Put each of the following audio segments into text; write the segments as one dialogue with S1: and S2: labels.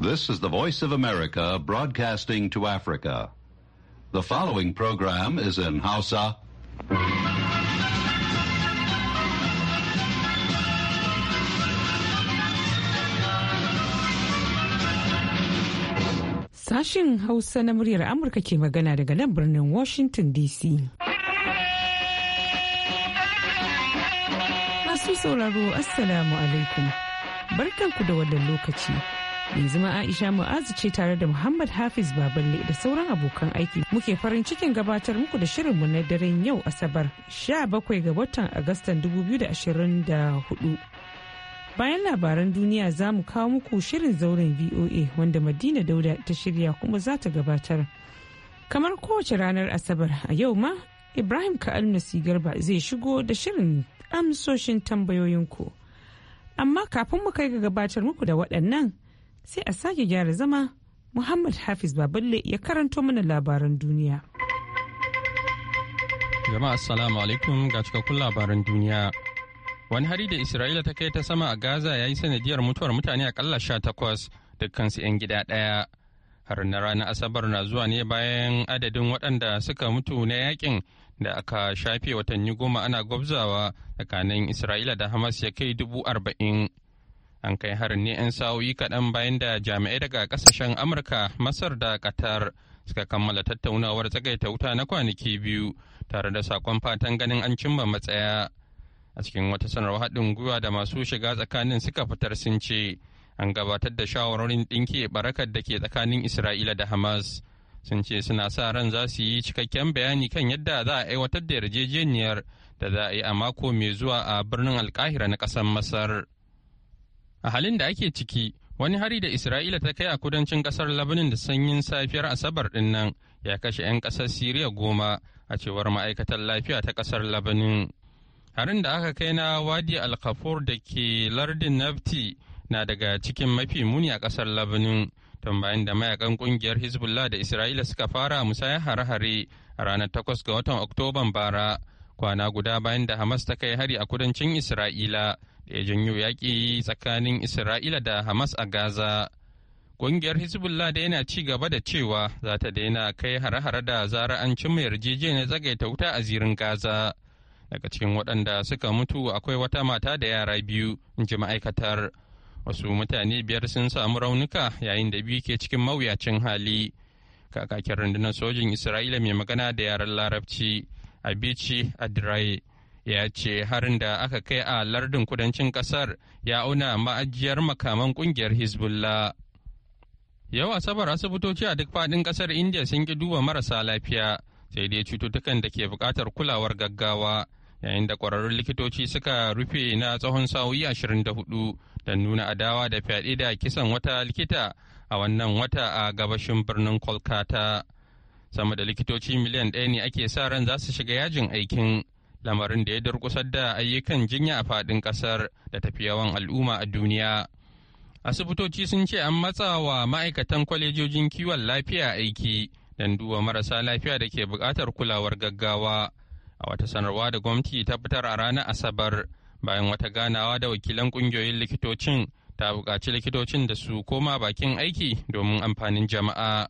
S1: This is the Voice of America broadcasting to Africa. The following program is in Hausa. Sashin Hausa na muryar Amurka ke magana daga nan birnin Washington DC. Masu sauraro, Assalamu alaikum. Barkanku da wannan lokaci. yanzu ma aisha mu'azu ce tare da muhammad hafiz baballe da sauran abokan aiki muke farin cikin gabatar muku da shirin mu na daren yau asabar 17 ga watan agustan 2024 bayan labaran duniya za mu kawo muku shirin zauren voa wanda madina dauda ta shirya kuma za ta gabatar kamar kowace ranar asabar a yau ma ibrahim ka'almasi garba zai shigo da shirin amsoshin tambayoyinku amma kafin mu kai ga gabatar muku da waɗannan sai a sake gyara zama Muhammad Hafiz Baballe ya karanto mana labaran duniya.
S2: Jama'a Assalamu alaikum ga cikakkun labaran duniya. Wani hari da Isra'ila ta kai ta sama a Gaza ya yi sanadiyar mutuwar mutane akalla sha takwas dukkansu 'yan gida ɗaya. har na ranar Asabar na zuwa ne bayan adadin waɗanda suka mutu na yakin da aka shafe watanni goma ana gwabzawa tsakanin Isra'ila da Hamas ya kai dubu arba'in. An kai harin ne 'yan sa'o'i kaɗan bayan da jami'ai daga ƙasashen Amurka, Masar da Qatar suka kammala tattaunawar tsagaita wuta na kwanaki biyu tare da sakon fatan ganin an cimma matsaya. A cikin wata sanarwar haɗin gwiwa da masu shiga tsakanin suka fitar sun ce an gabatar da shawarorin ɗinke barakar da ke tsakanin Isra'ila da Hamas. Sun ce suna sa ran za su yi cikakken bayani kan yadda za a aiwatar da yarjejeniyar da za a yi a mako mai zuwa a birnin alkahira na ƙasar Masar. a halin da ake ciki wani hari da isra'ila ta kai a kudancin kasar labanin da sanyin safiyar asabar din ya kashe 'yan kasar siriya goma a cewar ma'aikatar lafiya ta kasar labanin harin da aka kai na wadi alkafur da ke lardin nafti na daga cikin mafi muni a kasar labanin tun bayan da mayakan kungiyar hezbollah da isra'ila suka fara musayar hare-hare a ranar 8 ga watan oktoban bara kwana guda bayan da hamas ta kai hari a kudancin isra'ila da ya janyo yaƙi tsakanin Isra'ila da Hamas a Gaza. Ƙungiyar Hezbollah da yana ci gaba da cewa za ta daina kai hare-hare da zara an cimma yarjejeniyar zagaita wuta a zirin Gaza. Daga cikin waɗanda suka mutu akwai wata mata da yara biyu, in ji ma'aikatar. Wasu mutane biyar sun samu raunuka yayin da biyu ke cikin mawuyacin hali. Kakakin rundunar sojin Isra'ila mai magana da yaran Larabci, Abici adrai ya ce harin da aka kai a lardin kudancin kasar ya auna ma'ajiyar makaman kungiyar hezbollah yau asabar asibitoci a duk faɗin kasar india sun ki duba marasa lafiya sai dai cututtukan da ke buƙatar kulawar gaggawa yayin da kwararrun likitoci suka rufe na tsawon sa'o'i hudu don nuna adawa da fyaɗe da kisan wata likita a wannan wata a gabashin birnin kolkata sama da likitoci miliyan ɗaya ne ake sa ran za su shiga yajin aikin lamarin da ya durkusar da ayyukan jinya a faɗin ƙasar da tafi yawan al'umma a duniya. Asibitoci sun ce an matsa wa ma'aikatan kwalejojin kiwon lafiya aiki don duba marasa lafiya da ke buƙatar kulawar gaggawa. A wata sanarwa da gwamnati ta fitar a ranar Asabar bayan wata ganawa da wakilan ƙungiyoyin likitocin ta buƙaci likitocin da su koma bakin aiki domin amfanin jama'a.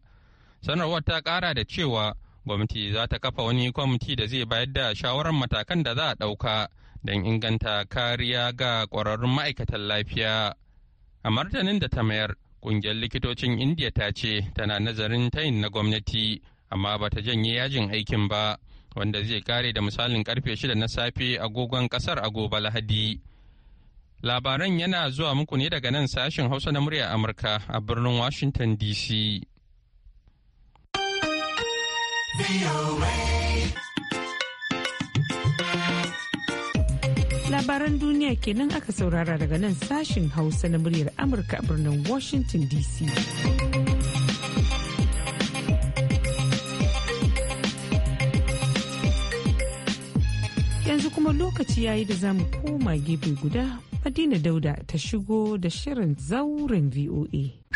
S2: Sanarwar ta ƙara da cewa gwamnati za ta kafa wani kwamiti da zai bayar da shawarar matakan da za a ɗauka don inganta kariya ga ƙwararrun ma'aikatan lafiya. A martanin da ta mayar, ƙungiyar likitocin Indiya ta ce tana nazarin tayin na gwamnati, amma ba ta janye yajin aikin ba, wanda zai kare da misalin karfe shida na safe agogon ƙasar a gobe Lahadi. Labaran yana zuwa muku ne daga nan sashen Hausa na murya Amurka a birnin Washington DC.
S1: Labaran duniya kenan aka saurara daga nan sashin Hausa na muryar Amurka a birnin Washington DC. Yanzu kuma lokaci yayi da za mu koma gefe guda Madina Dauda ta shigo da shirin zauren VOA.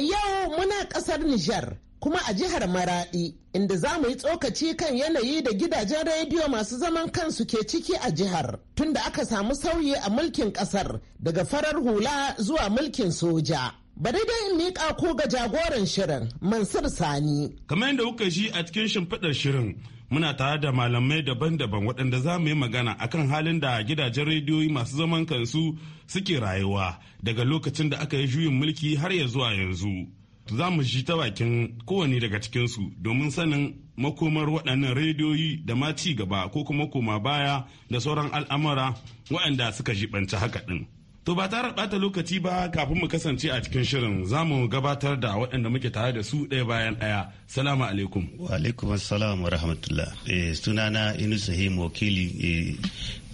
S3: yau muna kasar Nijar kuma a jihar Maradi inda za mu yi tsokaci kan yanayi da gidajen rediyo masu zaman kansu ke ciki a jihar tunda aka samu sauyi a mulkin kasar daga farar hula zuwa mulkin soja. Bari dai in miƙa ko ga jagoran shirin
S4: Mansur Sani.
S3: Kamar yadda kuka shi a cikin shimfiɗar shirin muna tare da malamai daban-daban waɗanda za mu yi magana akan halin da gidajen rediyoyi masu zaman kansu suke rayuwa daga lokacin da aka yi juyin mulki har ya zuwa yanzu za mu ji ta bakin kowane daga cikinsu domin sanin makomar waɗannan rediyoyi da ma ci gaba ko kuma koma baya da sauran al'amura waɗanda suka jibanci haka ɗin. To ba tare bata lokaci ba kafin mu kasance a cikin shirin za mu gabatar da waɗanda muke tare da su ɗaya bayan ɗaya. Salamu alaikum. Wa alaikum assalam wa rahmatullah. Eh, sunana Inusa sahi wakili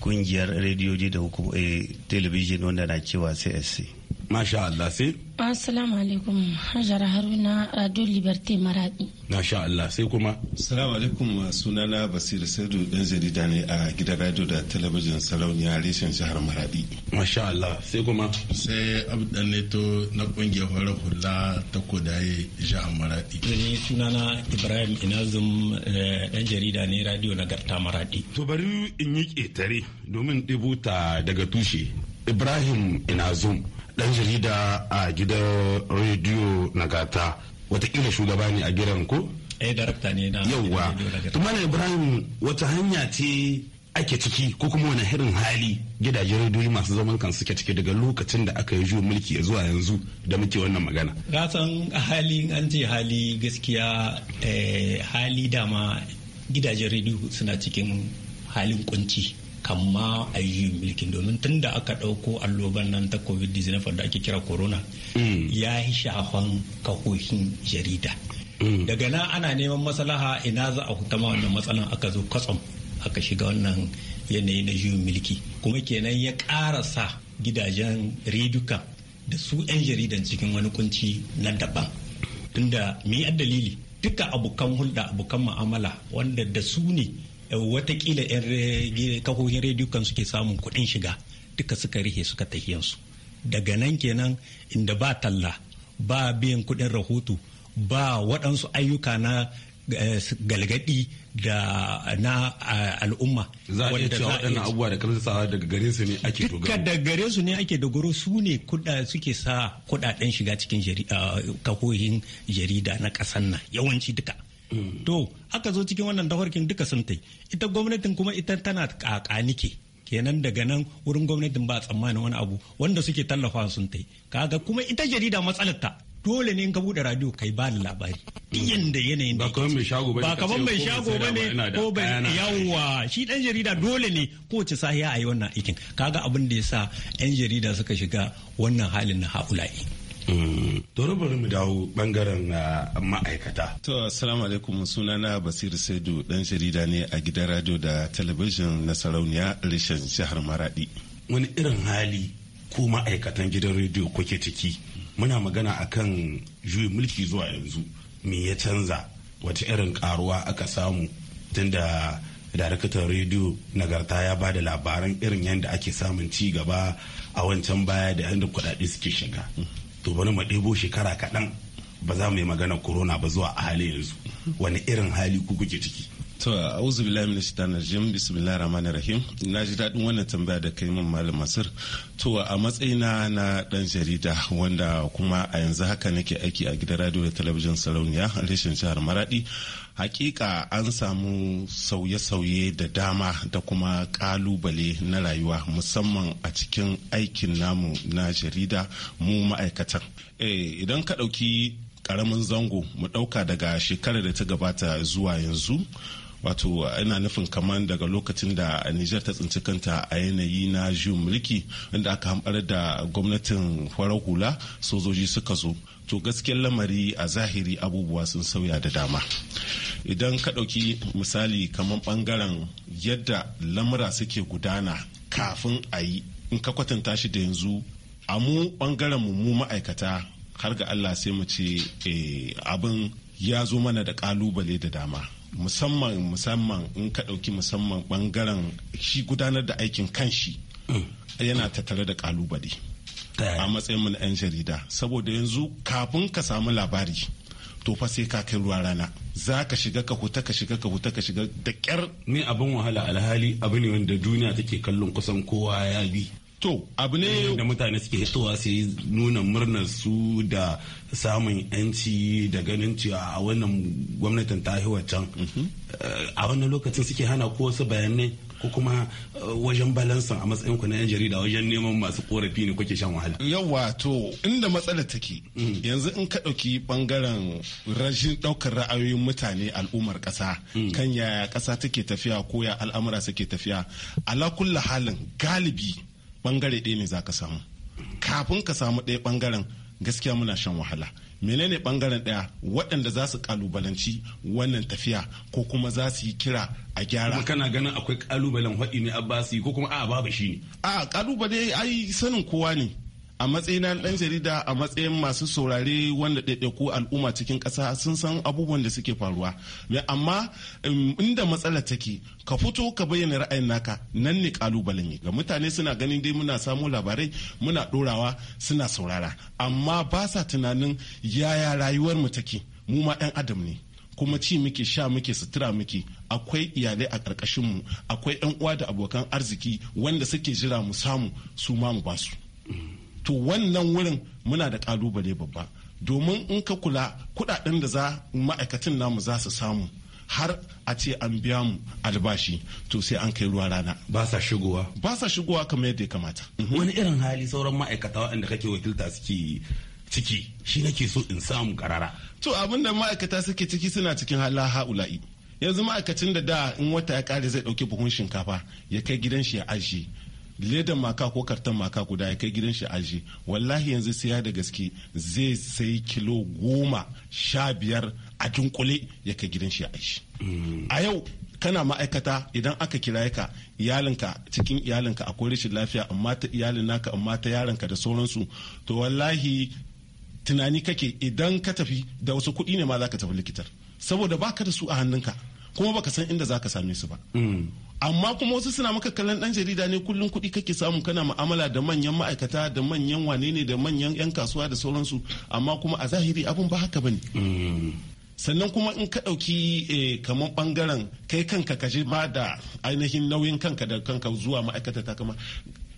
S3: kungiyar eh, rediyoji da eh, telebijin wanda na cewa CSC. Masha Allah sai?
S1: Assalamu alaikum Hajara Haruna Radio Liberté Maradi.
S3: Masha Allah sai kuma? Assalamu alaikum sunana Basir Saidu dan jarida ne a gidan radio da talabijin sarauniya reshen jihar Maradi. Masha Allah sai kuma? Sai Abdan Neto na kungiyar horar hula ta kodaye jihar Maradi. Ni sunana Ibrahim Inazum dan eh, jarida ne radio nagarta Maradi. To bari in yi ƙetare domin ɗibuta daga tushe. Ibrahim Inazum. dan jarida a gidan rediyo nagata watakila shugaba ne a gidan ko
S4: eh darakta ne na yauwa tumana ibrahim wata hanya ce ake ciki ko kuma wani hirin hali
S3: gidajen rediyoyi masu zaman kan suke ciki daga lokacin da aka yi juyin mulki zuwa yanzu da muke wannan magana
S4: gasan hali an ce hali gaskiya eh, hali dama gidajen rediyo suna cikin halin kunci kamma a yi mulkin domin tun da aka ɗauko alloban nan ta covid-19 da ake kira corona mm. ya yi shafan kahohin jarida mm. daga nan ana neman matsalaha ina za a ma wannan matsalan aka zo kwatsam aka shiga wannan yanayi na juyin mulki kuma kenan ya ƙarasa gidajen reduka da su 'yan jaridan cikin wani kunci na daban tunda me dalili duka abokan hulɗa abokan ma'amala wanda da su ne watakila 'yan kafofin rediyo kan suke samun kuɗin shiga duka suka rihe suka tahiyansu daga nan kenan inda ba talla ba biyan kuɗin rahoto ba waɗansu ayyuka na eh, galgadi da na al'umma za a iya waɗannan abubuwa
S3: da kamsasawa daga gare su ne ake dogaro duka
S4: daga gare su ne ake dogaro su ne kuɗa suke sa kuɗaɗen shiga cikin eh, kafofin jarida na ƙasar nan yawanci duka to aka zo cikin wannan dawarkin duka sun tai ita gwamnatin kuma ita tana kakanike kenan daga nan wurin gwamnatin ba tsammanin wani abu wanda suke tallafa sun tai kaga kuma ita jarida matsalar ta dole ne ka bude radio kai ba ni labari iyan da yanayin da ba kaman mai shago ba ne ko bai yawa shi dan jarida dole ne ko ci sahiya a yi wannan aikin kaga abin da yasa yan jarida suka shiga wannan halin na haula'i
S3: Toro bari mu dawo bangaren ah, ma'aikata. To, assalamu alaikum sunana Basir Saidu dan jarida ne a gidan radio da talabijin na sarauniya reshen jihar Maradi. Wani irin hali ko ma'aikatan gidan rediyo kuke ciki muna magana akan juyi mulki zuwa yanzu me ya canza wata irin karuwa aka samu tunda darakatan rediyo nagarta ya ba da labaran irin yadda ake samun ci gaba a wancan baya da yadda kudade suke shiga to bari mu ɗebo shekara kaɗan ba za mu yi magana corona ba zuwa a hali yanzu wani irin hali ku kuke ciki to auzu billahi min shaitanir rajim bismillahir rahmanir rahim na ji daɗin wannan tambaya da kai min malam masir to a matsayina na ɗan jarida wanda kuma a yanzu haka nake aiki a gidan radio da talabijin sarauniya a reshen jihar maradi hakika an samu sauye-sauye da dama da kuma kalubale na rayuwa musamman a cikin aikin namu na jarida mu ma'aikatan eh, idan ka ɗauki ƙaramin zango mu ɗauka daga shekarar da ta gabata zuwa yanzu wato ina nufin kamar daga lokacin da niger ta tsinci kanta a yanayi na juyin mulki inda aka hamɓar da gwamnatin farar hula sojoji suka zo to gaskiyar lamari a zahiri abubuwa sun sauya da dama idan ka ɗauki misali kamar ɓangaren yadda lamura suke gudana kafin a yi in ka kwatanta shi da yanzu a mu ɓangaren mu ma'aikata har ga allah sai mu ce eh, abin ya zo mana da ƙalubale da dama musamman musamman in ka ɗauki musamman bangaren shi gudanar da aikin kan shi. yana tattare da kalubale. a matsayin mu na 'yan jarida saboda yanzu kafin ka samu labari to fa sai ka kai ruwa rana za ka shiga ka huta ka shiga ka huta ka shiga da kyar. ni abin wahala alhali abu ne wanda duniya take kallon kusan kowa ya bi To abu ne da mutane suke hitowa su yi nuna murnar su da samun yanci da ganin cewa a wannan gwamnatin ta can. Eh, a wannan lokacin suke hana ko wasu bayanai ko kuma eh, wajen balansan a matsayin ku na yan jarida wajen neman masu korafi ne kuke shan wahala. Yawwa to inda matsala take mm. yanzu in ka ɗauki bangaren rashin ɗaukar ra'ayoyin mutane al'ummar ƙasa mm. kan yaya ƙasa take tafiya ko ya al'amura suke tafiya ala kulla halin galibi bangare ɗaya ne za ka samu kafin ka samu ɗaya bangaren gaskiya muna shan wahala menene bangaren ɗaya waɗanda za su kalubalanci wannan tafiya ko kuma za su yi kira a gyara kana ganin akwai kalubalen haɗi ne abbasi ko kuma a babu shi ne a kalubale ai sanin kowa ne a matsayina dan jarida a matsayin masu saurare wanda ɗaiɗaiku al'umma cikin ƙasa sun san abubuwan da suke faruwa amma inda matsala take ka fito ka bayyana ra'ayin naka nan ne kalubalen ne ga mutane suna ganin dai muna samu labarai muna ɗorawa suna saurara amma ba sa tunanin yaya rayuwar mu take mu ma 'yan adam ne kuma ci muke sha muke sutura muke akwai iyalai a mu akwai 'yan uwa da abokan arziki wanda suke jira mu samu su ma mu basu. to wannan wurin muna da kalubale babba domin in ka kula kudaden da za ma'aikatan namu za su samu har a ce an biya mu albashi to sai an kai ruwa rana ba sa shigowa ba sa shigowa kamar yadda ya kamata mhm. wani irin hali sauran ma'aikata waɗanda kake wakilta suke ciki shi nake so in samu karara to abin da ma'aikata suke ciki suna cikin hala ha'ula'i yanzu ma'aikacin da da in wata ya kare zai dauki buhun shinkafa ya kai gidan shi ya ajiye ledan maka ko kartan maka guda ya kai gidan shi aji wallahi yanzu siya da gaske zai sai kilo goma sha biyar a dunkule ya kai gidan shi aji mm. a yau kana ma'aikata idan aka kira ka iyalinka cikin iyalinka akwai rashin lafiya amma ta iyalin naka amma ta yaranka da sauransu to wallahi tunani kake idan ka tafi da wasu kuɗi ne ma za ka tafi likitar saboda baka da su a hannunka kuma baka san inda za ka same su ba mm. amma kuma wasu suna maka kallon dan jarida ne kullum kuɗi kake samu kana mu'amala da manyan ma'aikata da manyan wane ne da manyan 'yan kasuwa da sauransu amma kuma a zahiri abun ba haka bane sannan kuma in ka ɗauki eh, kamar bangaren kai kanka ka je ba da ainihin nauyin kanka da kanka zuwa ma'aikata ta kama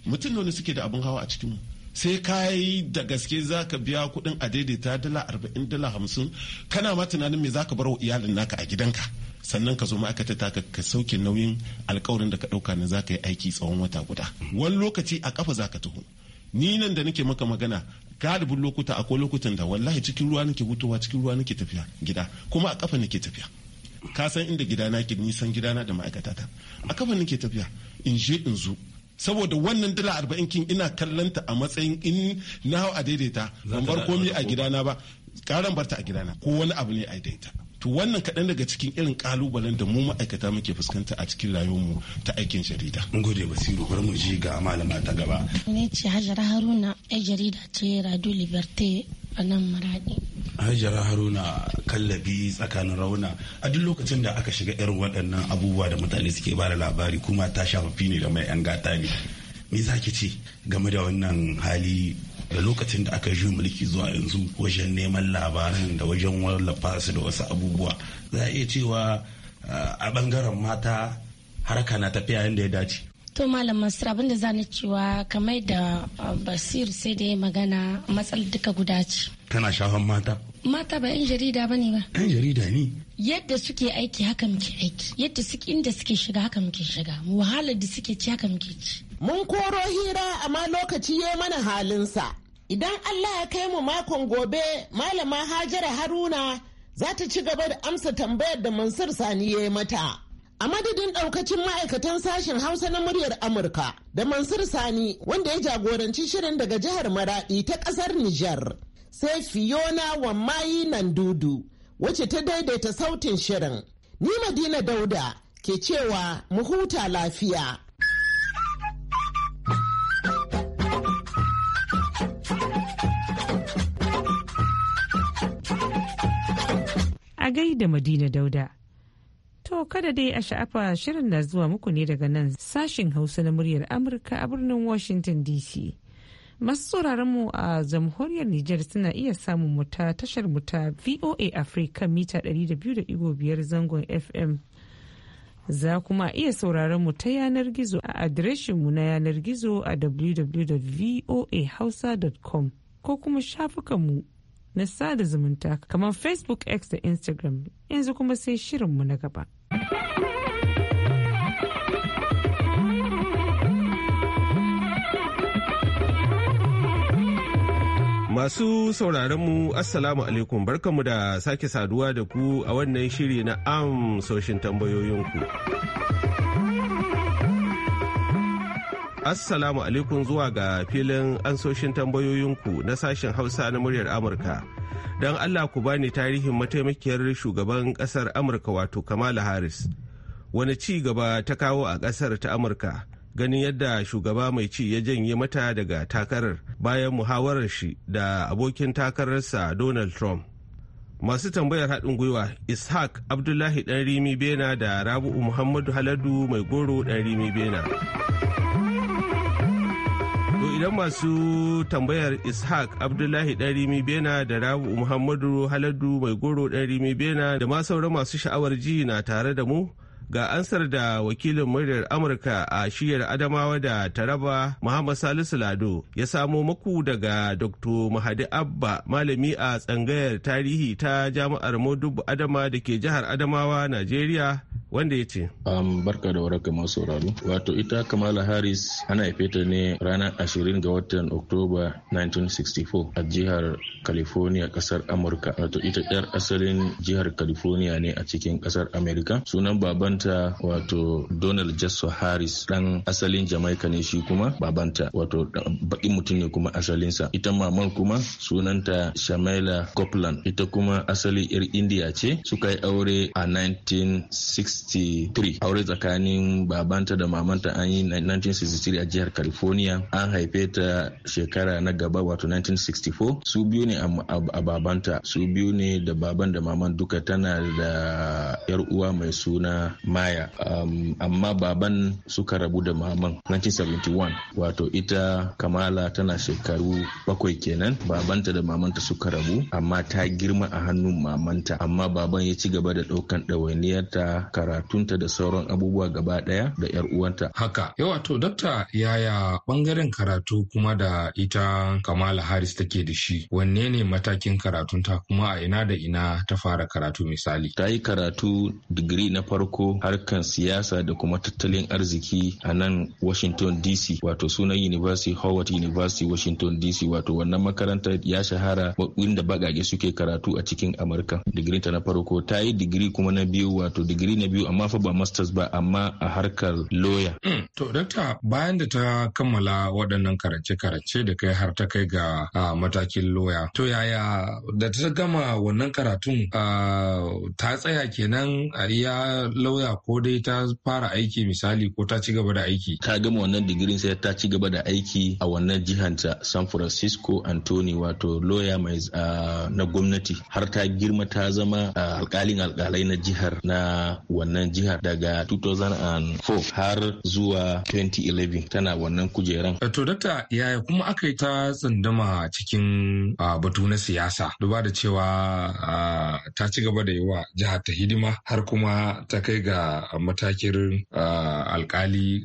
S3: mutum ne suke da abin hawa a mu. sai ka yi da gaske za ka biya kuɗin a daidaita dala arba'in dala hamsin kana ma tunanin me za ka bar wa iyalin naka a gidanka sannan ka zo ma'aikata ta ka sauke nauyin alkawarin da ka ɗauka na za ka yi aiki tsawon wata guda wani lokaci a kafa za ka taho ni nan da nake maka magana galibin lokuta akwai lokutan da wallahi cikin ruwa nake hutowa cikin ruwa nake tafiya gida kuma a kafa nake tafiya ka san inda gidana ke nisan gidana da ma'aikata ta a kafa nake tafiya in je in zo saboda wannan dala arba'in kin ina kallanta a matsayin in na hau a daidaita ban bar komi a gidana ba karan barta a gidana ko wani abu ne a daidaita to wannan kaɗan daga cikin irin ƙalubalen da mu ma'aikata muke fuskanta a cikin mu ta aikin jarida. Mun gode Basiru bari mu ji ga malama ta gaba.
S1: Ni ce Hajara Haruna ai jarida ce Radio Liberté a nan Maradi.
S3: Hajara Haruna kallabi tsakanin rauna a duk lokacin da aka shiga irin waɗannan abubuwa da mutane suke bada labari kuma ta shafafi ne da mai 'yan gata ne. Me za ki ce game da wannan hali da lokacin da aka juyi mulki zuwa yanzu wajen neman labaran da wajen wallafa su da wasu abubuwa za a iya cewa ah, a bangaren mata harka na tafiya yadda ya dace
S1: to malam masar abinda za ni cewa kamar da ah, basir sai da ya magana matsalar duka guda ce
S3: tana shafan mata
S1: mata ba 'yan jarida ba ne ba
S5: 'yan jarida ne
S1: yadda suke aiki haka muke aiki yadda suke inda suke shiga haka muke shiga wahalar da suke ci haka muke ci Mun koro hira amma lokaci ya mana halinsa.
S3: Idan Allah ya kai mu makon gobe, Malama Hajara Haruna za ta ci gaba da amsa tambayar da Mansur Sani ya yi mata. A madadin ɗaukacin ma'aikatan sashen Hausa na muryar Amurka da Mansur Sani wanda ya jagoranci shirin daga jihar Maraɗi ta ƙasar Nijar. Sai Fiona Wammayi Nandudu wacce ta daidaita sautin shirin. Ni Madina Dauda ke cewa mu huta
S4: lafiya.
S1: a gaida Madina Dauda. To kada dai a sha'afa shirin na zuwa muku ne daga nan sashin Hausa na muryar Amurka a birnin Washington DC. Masu sauraron mu a jamhuriyar Nijar suna iya samun mu ta tashar mu ta VOA Africa mita 200.5 zangon FM. Za kuma iya sauraron mu ta yanar gizo a adireshinmu mu na yanar gizo a www.voahausa.com ko kuma shafukanmu na sada zumunta kamar facebook x da instagram yanzu kuma sai shirinmu na gaba
S6: Masu sauraronmu Assalamu alaikum barkanmu da sake saduwa da ku a wannan shiri na amsoshin tambayoyinku. Assalamu alaikum zuwa ga filin ansoshin tambayoyinku na sashen Hausa na muryar Amurka. Don Allah ku bani tarihin mataimakiyar shugaban kasar Amurka wato Kamala Harris. Wani ci gaba ta kawo a kasar ta Amurka ganin yadda shugaba mai ci ya janye mata daga takarar bayan muhawarar shi da abokin takararsa Donald Trump. Masu tambayar haɗin gwiwa Ishaq Abdullahi Ɗanrimi Bena da Rabu'u Muhammadu Haladu Mai Goro Ɗanrimi Bena. To idan masu tambayar Ishaq Abdullahi Ɗarimi Bena da Rabu Muhammadu Haladu Mai Goro Ɗarimi Bena da ma sauran masu sha'awar ji na tare da mu ga ansar da wakilin muryar amurka a shiyar adamawa da taraba muhammad salisu lado ya samo maku daga dr mahadi abba malami a tsangayar tarihi ta jami'ar modubu adama da ke jihar adamawa najeriya wanda ya ce
S7: um, barka da waraka masu sauraro wato ita kamala harris ana haife ta ne ranar ashirin ga watan oktoba 1964 a jihar california kasar amurka wato ita yar asalin jihar california ne a cikin kasar america sunan baban babanta wato Donald Jesso Harris dan asalin Jamaica ne shi kuma babanta wato bakin mutum ne kuma asalinsa. Ita mamar kuma sunanta Shamila Copeland ita kuma asali yar India ce suka yi aure a 1963 aure tsakanin babanta da mamanta an yi 1963 a jihar California an haife ta shekara na gaba wato 1964 su biyu ne a babanta su biyu ne da baban da maman duka tana da yar uwa mai suna maya um, amma baban suka rabu da maman 1971 wato ita kamala tana shekaru bakwai kenan babanta da mamanta suka rabu amma ta girma a hannun mamanta amma baban ya ci gaba da ɗaukan ɗawainiyarta karatunta da sauran abubuwa gaba ɗaya da yar
S5: uwanta haka yawa to dakta yaya bangaren karatu kuma da ita kamala harris take da shi wanne ne matakin karatunta kuma a ina da ina ta fara karatu misali
S7: ta yi karatu digiri na farko harkan siyasa da kuma tattalin arziki a nan Washington DC wato sunan University Howard University Washington DC wato wannan makarantar ya shahara da bagage suke karatu a cikin Amurka. digiri ta na farko ta yi digiri kuma na biyu wato digiri na biyu amma fa ba masters ba amma a harkar lawyer.
S5: Hmm, to dakta bayan da ta kammala waɗannan karace-karace da kai har ta kai ga matakin lawyer. To yaya da ta gama wannan karatun ta tsaya kenan a iya lawyer ko dai ta fara aiki misali ko ta
S7: ci gaba da aiki ta gama wannan digirin sai ta ci gaba da aiki a wannan jihar ta San Francisco Anthony wato lawyer mai na gwamnati har ta girma ta zama alkalin alkalai na jihar na wannan jihar daga 2004 har
S5: zuwa 2011
S7: tana wannan kujeran
S5: eh, to dakta yaya kuma aka yi ta tsandama cikin batu na siyasa duba da cewa ta ci gaba da yi jihar ta hidima har kuma ta kai ga da matakin alkali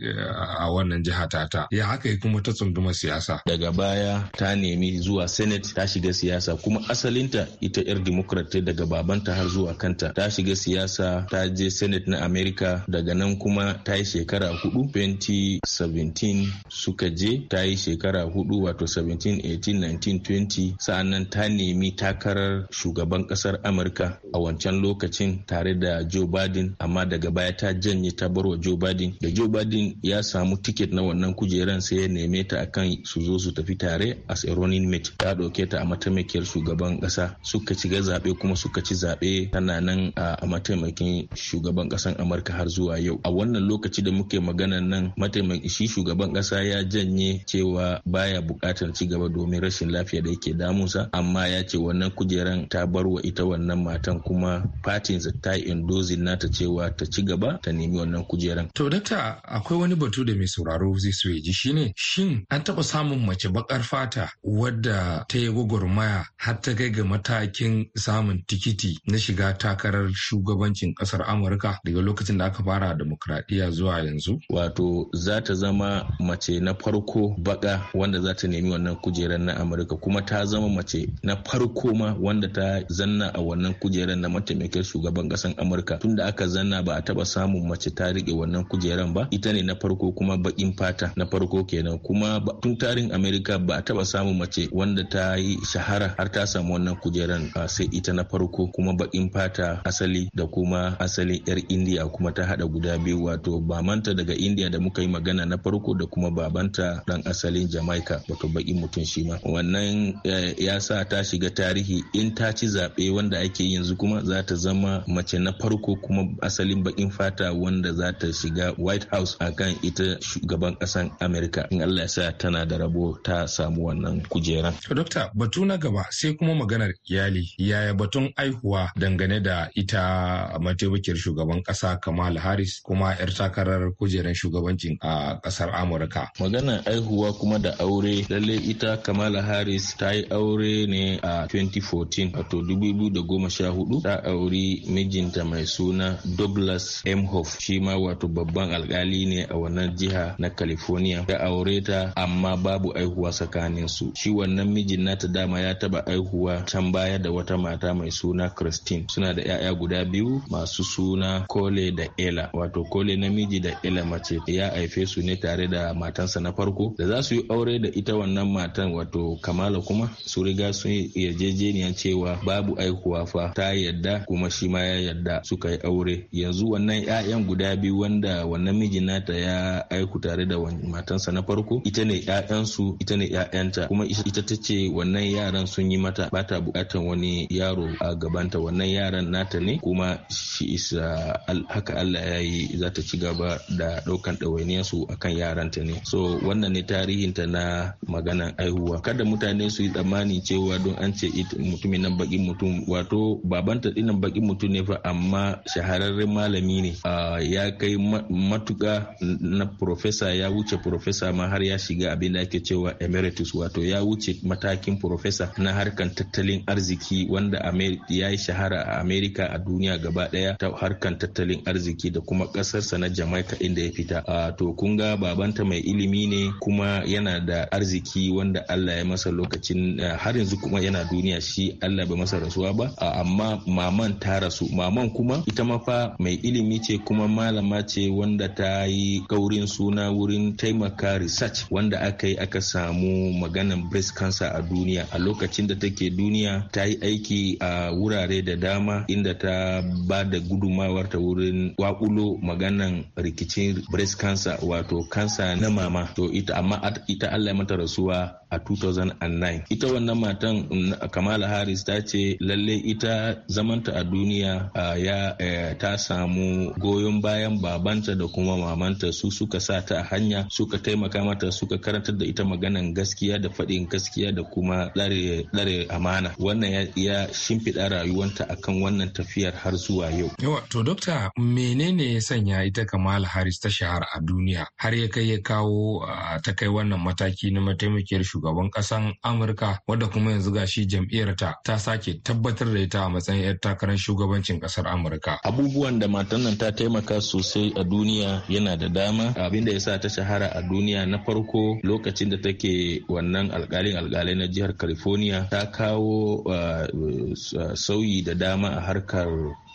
S5: a wannan jiha tata ya haka yi kuma ta tsunduma siyasa daga baya ta
S7: nemi zuwa senate ta shiga siyasa kuma asalinta ita yar democrat daga babanta har zuwa kanta ta shiga siyasa ta je senate na america daga nan kuma ta yi shekara hudu 2017 suka je ta yi shekara hudu wato 17 18 19 20 sa'annan ta nemi takarar shugaban kasar amurka a wancan lokacin tare da joe biden amma daga baya ta janye ta barwa Joe Biden da Joe Biden ya samu tiket na wannan kujeran sai ya neme ta akan su zo su tafi tare as a running mate ta dauke ta a mataimakiyar shugaban kasa, suka shiga zaɓe kuma suka ci zaɓe tana nan a mataimakin shugaban kasan Amurka har zuwa yau a wannan lokaci da muke magana nan mataimakin shi shugaban ƙasa ya janye cewa baya buƙatar ci gaba domin rashin lafiya da yake damunsa amma ya ce wannan kujeran ta bar wa ita wannan matan kuma
S5: fatinsa ta yi endozin nata cewa ta ci gaba ta nemi wannan kujeran. To dakta akwai wani batu da mai sauraro zai so ya ji shine shin an taɓa samun mace bakar fata wadda ta yi gwagwarmaya har ta kai ga matakin samun tikiti na shiga takarar shugabancin ƙasar Amurka daga lokacin da aka fara demokradiyya zuwa yanzu?
S7: Wato za ta zama mace na farko baƙa wanda za ta nemi wannan kujeran na Amurka kuma ta zama mace na farko ma wanda ta zanna a wannan kujeran na mataimakin shugaban ƙasar Amurka tunda aka zanna ba ba a taba samun mace ta rike wannan kujeran ba ita ne na farko kuma bakin fata na farko kenan kuma tun tarin america ba a taba samun mace wanda ta yi shahara har ta samu wannan kujeran sai ita na farko kuma bakin fata asali da kuma asalin yar Indiya kuma ta hada guda biyu wato bamanta daga Indiya da muka yi magana na farko da kuma babanta dan asalin jamaica wato bakin mutum shi ma wannan eh, ya sa ta shiga tarihi in ta ci zaɓe wanda ake yanzu kuma za ta zama mace na farko kuma asalin baƙin bakin fata wanda za ta shiga white house kan ita shugaban kasan amerika in allah sa tana da rabo ta samu wannan kujeran
S5: dokta batu na gaba sai kuma maganar iyali yaya batun aihuwa dangane da ita mataimakiyar shugaban ƙasa Kamal harris kuma 'yar takarar kujeran shugabancin a ƙasar amurka
S7: maganar aihuwa kuma da aure lalle ita kamala harris ta yi aure ne a 2014 wato 2014 ta auri mijinta mai suna dubla Nicholas M. Hoff shi ma wato babban alkali ne a wannan jiha na California ya aure ta amma babu aihuwa tsakanin su shi wannan mijin nata dama ya taba aihuwa can baya da wata mata mai suna Christine suna da 'ya'ya guda biyu masu suna Kole da Ella. wato Kole namiji da Ella mace ya haife su ne tare da matansa na farko da za su yi aure da ita wannan matan wato Kamala kuma su riga sun yarjejeniyar cewa babu aihuwa fa ta yadda kuma shi ma ya yadda suka yi aure yanzu yanzu wannan 'ya'yan guda biyu wanda wannan miji nata ya aiku tare da matansa na farko ita ne 'ya'yansu ita ne 'ya'yanta kuma ita ta ce wannan yaran sun yi mata ba ta bukatan wani yaro a gabanta wannan yaran nata ne kuma shi isa haka Allah ya yi za ta ci gaba da ɗawainiyar ɗawainiyarsu akan yaranta ne so wannan ne tarihinta na maganan aihuwa kada mutane su yi tsammani cewa don an ce mutumin nan bakin mutum wato babanta dinnan bakin mutum ne fa amma shahararren malam malami ne ah, ya kai matuka na profesa ya wuce profesa ma har ya shiga abin da ake cewa emeritus wato ya wuce matakin profesa na harkan tattalin arziki wanda ya yi shahara a amerika a duniya gaba daya ta harkan tattalin arziki da kuma kasarsa na jamaica inda ya fita ah, to kunga babanta mai ilimi ne kuma yana da arziki wanda allah ya masa lokacin ah, har yanzu kuma yana duniya shi allah bai masa rasuwa ba amma maman ta rasu maman kuma ita ma fa mai ilimi ce kuma malama ce wanda ta yi kaurin suna wurin taimaka research wanda aka yi aka samu maganan breast cancer a duniya a lokacin da take duniya ta yi aiki a wurare da dama inda ta ba da gudumawar ta wurin waƙulo maganan rikicin breast cancer wato kansa na mama to ita amma ita Allah ya mata rasuwa a 2009 ita wannan matan mm, kamala harris ta ce lalle ita zamanta a duniya ya eh, ta samu goyon bayan babanta da kuma mamanta su suka sa ta a hanya suka taimaka mata suka karantar da ita maganan gaskiya da faɗin gaskiya da kuma tsare amana wannan ya shimfiɗa rayuwanta akan wannan tafiyar har zuwa yau.
S5: Yawa to dokta menene ya sanya ita Kamal Harris ta shahara a duniya har ya kai ya kawo ta kai wannan mataki na mataimakiyar shugaban shugaban ƙasan Amurka wadda kuma yanzu gashi jam'iyyarta ta sake tabbatar da ita a matsayin 'yar takarar shugabancin ƙasar Amurka.
S7: Abubuwan da matan nan ta taimaka sosai a duniya yana da dama abin da ya sa ta shahara a duniya na farko lokacin da take wannan alkalin alkalai na jihar California ta kawo uh, uh, sauyi da dama a harkar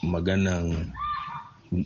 S7: maganan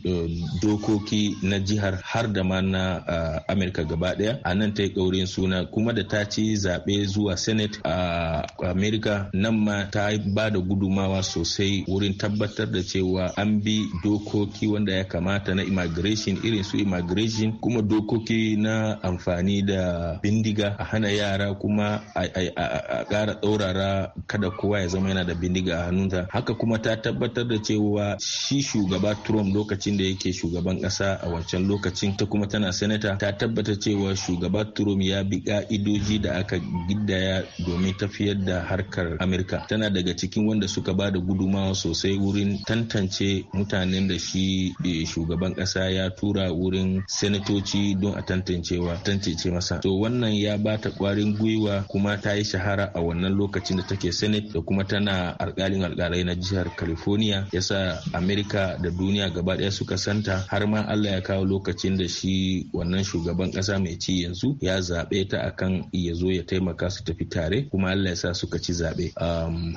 S7: Eh, dokoki na jihar har da ma na eh, amurka gaba daya a nan ta yi ƙaurin suna kuma da ta ci zaɓe zuwa senate a amerika nan ma ta ba da gudumawa sosai wurin tabbatar da cewa an bi dokoki wanda ya kamata na immigration irin su immigration kuma dokoki na amfani da bindiga a hana yara kuma a ƙara tsaurara kada kowa ya zama yana da bindiga a hannunta haka kuma ta tabbatar da cewa shi shugaba trump lokacin lokacin da yake shugaban kasa a wancan lokacin ta kuma tana sanata ta tabbata cewa shugaban Trump ya bi ka'idoji da aka giddaya domin tafiyar da harkar Amurka. Tana daga cikin wanda suka ba da gudumawa sosai wurin tantance mutanen da shi e, shugaban kasa ya tura wurin sanatoci don a tantancewa tantance masa. To wannan ya ba ta kwarin gwiwa kuma ta yi shahara a wannan lokacin da take Senate da kuma tana alkalin alkalai na jihar California yasa Amerika da duniya gaba ɗaya suka santa har ma Allah ya kawo lokacin da shi wannan shugaban ƙasa mai ci yanzu ya zaɓe ta akan ya zo ya taimaka su tafi tare kuma Allah ya sa suka ci zaɓe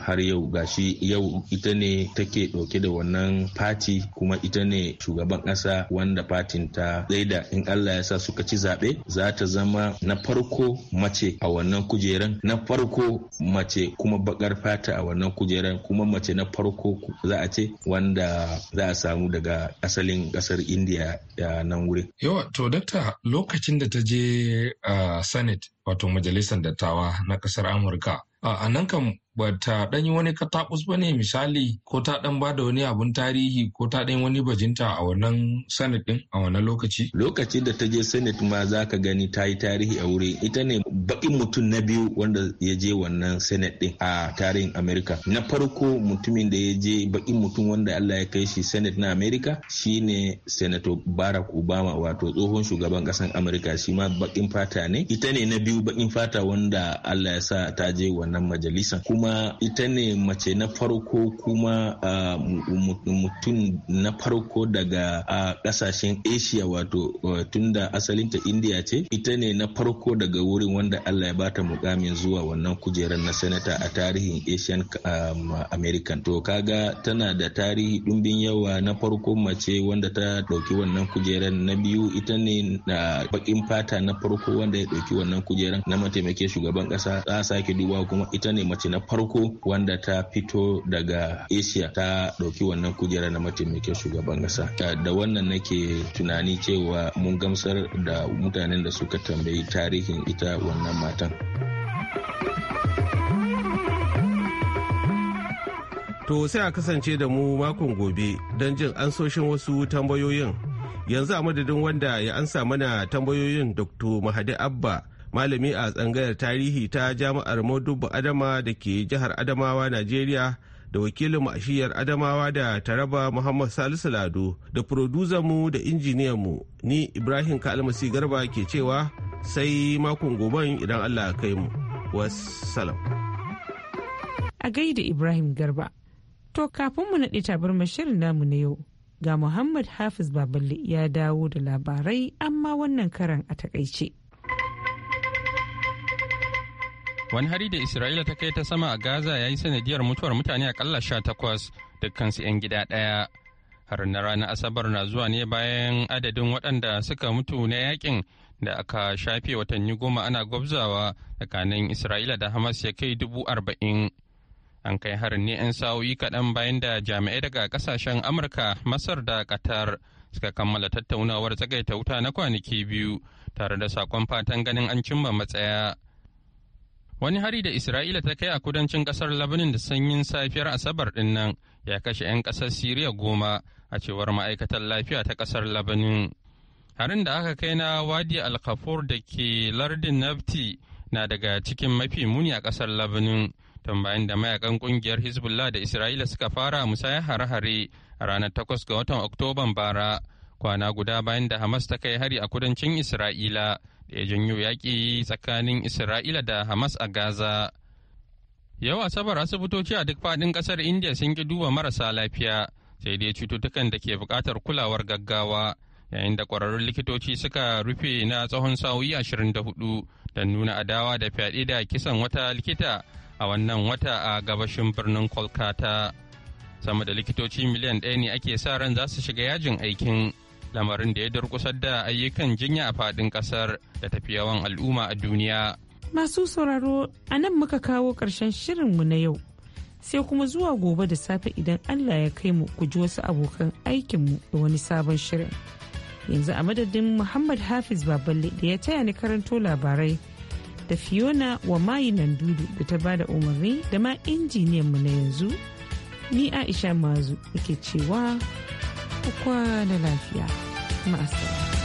S7: har yau gashi yau ita ne take ɗauke da wannan fati kuma ita ne shugaban ƙasa wanda fatin ta da in Allah ya sa suka ci zaɓe za ta zama na farko mace a wannan kujeran na farko mace kuma bakar fata a wannan kujeran kuma mace na farko za a ce wanda za a samu daga asalin kasar India da nan wurin.
S5: Yawa, to dakta lokacin da ta je ah, Senate wato majalisar dattawa na kasar Amurka, ah, a nan kam ba ta ɗan yi wani katakus ba ne misali ko ta ɗan ba da wani abun tarihi ko ta ɗan wani bajinta a wannan senate ɗin a wannan lokaci.
S7: Lokacin da ta je senate ma za ka gani ta yi tarihi a wuri ita ne baƙin mutum na biyu wanda ya je wannan senate ɗin a tarihin Amerika. Na farko mutumin da ya je baƙin mutum wanda Allah ya kai shi senate na Amerika shine senator Barack Obama wato tsohon shugaban kasan Amerika shi ma baƙin fata ne. Ita ne na biyu bakin fata wanda Allah ya sa ta je wannan majalisa. kuma kuma ita ne mace na farko kuma mutum na farko daga kasashen asia wato tun da asalinta india ce ita ne na farko daga wurin wanda allah ya bata mukamin zuwa wannan kujerar na senata a tarihin asian american to kaga tana da tarihi ɗumbin yawa na farko mace wanda ta ɗauki wannan kujerar na biyu ita ne da bakin fata na farko wanda ya ɗauki wannan kujerar na mataimakin shugaban ƙasa ta sake duba kuma ita ne mace na farko farko wanda ta fito daga asia ta ɗauki wannan kujera na mataimakin shugaban kasa da wannan nake tunani cewa mun gamsar da mutanen da suka tambayi tarihin ita wannan matan
S6: To sai a kasance da mu makon gobe don jin ansoshin wasu tambayoyin. Yanzu a madadin wanda ya ansa mana tambayoyin Dr. Mahadi Abba malami a tsangayar tarihi ta jami'ar modubu adama da ke jihar adamawa najeriya da wakilin ashiyar adamawa da taraba muhammad salisu lado da mu da injiniyanmu ni ibrahim kalmasi garba ke cewa sai makon goban idan allah kai mu wassalam
S1: a gaida ibrahim garba to kafin mu naɗe tabar shirin namu na yau ga muhammad hafiz baballe ya dawo da labarai amma wannan karan a takaice.
S2: Wani hari da Isra'ila ta kai ta sama a Gaza ya yi sanadiyar mutuwar mutane akalla sha takwas dukkansu 'yan gida ɗaya. Har na ranar Asabar na zuwa ne bayan adadin waɗanda suka mutu na yakin da aka shafe watanni goma ana gwabzawa tsakanin Isra'ila da Hamas ya kai dubu arba'in. An kai harin ne 'yan sa'o'i kaɗan bayan da jami'ai daga ƙasashen Amurka, Masar da Qatar suka kammala tattaunawar tsagaita wuta na kwanaki biyu tare da sakon fatan ganin an cimma matsaya. Wani hari da Isra'ila ta kai a kudancin kasar Labanin da sanyin safiyar Asabar din nan ya kashe 'yan kasar Siriya goma a cewar ma'aikatar lafiya ta kasar Labanin. Harin da aka kai na Wadi al da ke lardin Nafti na daga cikin mafi muni a kasar Labanin. Tun bayan da mayakan ƙungiyar Hezbollah da Isra'ila suka fara musayar hare-hare a ranar 8 ga watan Oktoban bara, kwana guda bayan da Hamas ta kai hari a kudancin Isra'ila. da ya janyo yaƙi tsakanin Isra'ila da Hamas a Gaza. Yau Asabar asibitoci a duk faɗin ƙasar India sun ƙi duba marasa lafiya sai dai cututtukan da ke buƙatar kulawar gaggawa yayin da ƙwararrun likitoci suka rufe na tsawon sa'o'i hudu don nuna adawa da fyaɗe da kisan wata likita a wannan wata a gabashin birnin Kolkata. Sama da likitoci miliyan ɗaya ne ake sa ran za su shiga yajin aikin lamarin da ya durkusar da ayyukan jinya a fadin kasar da tafi yawan al'umma a duniya.
S1: Masu sauraro a nan muka kawo ƙarshen shirinmu na yau. Sai kuma zuwa gobe da safe idan Allah ya kai mu ku ji wasu abokan aikinmu da wani sabon shirin. Yanzu a madadin Muhammad Hafiz Baballe da ya taya ni karanto labarai da Fiona wa mayi dudu da ta ba da umarni da ma mu na yanzu. Ni Aisha Mazu ke cewa da lafiya. Master.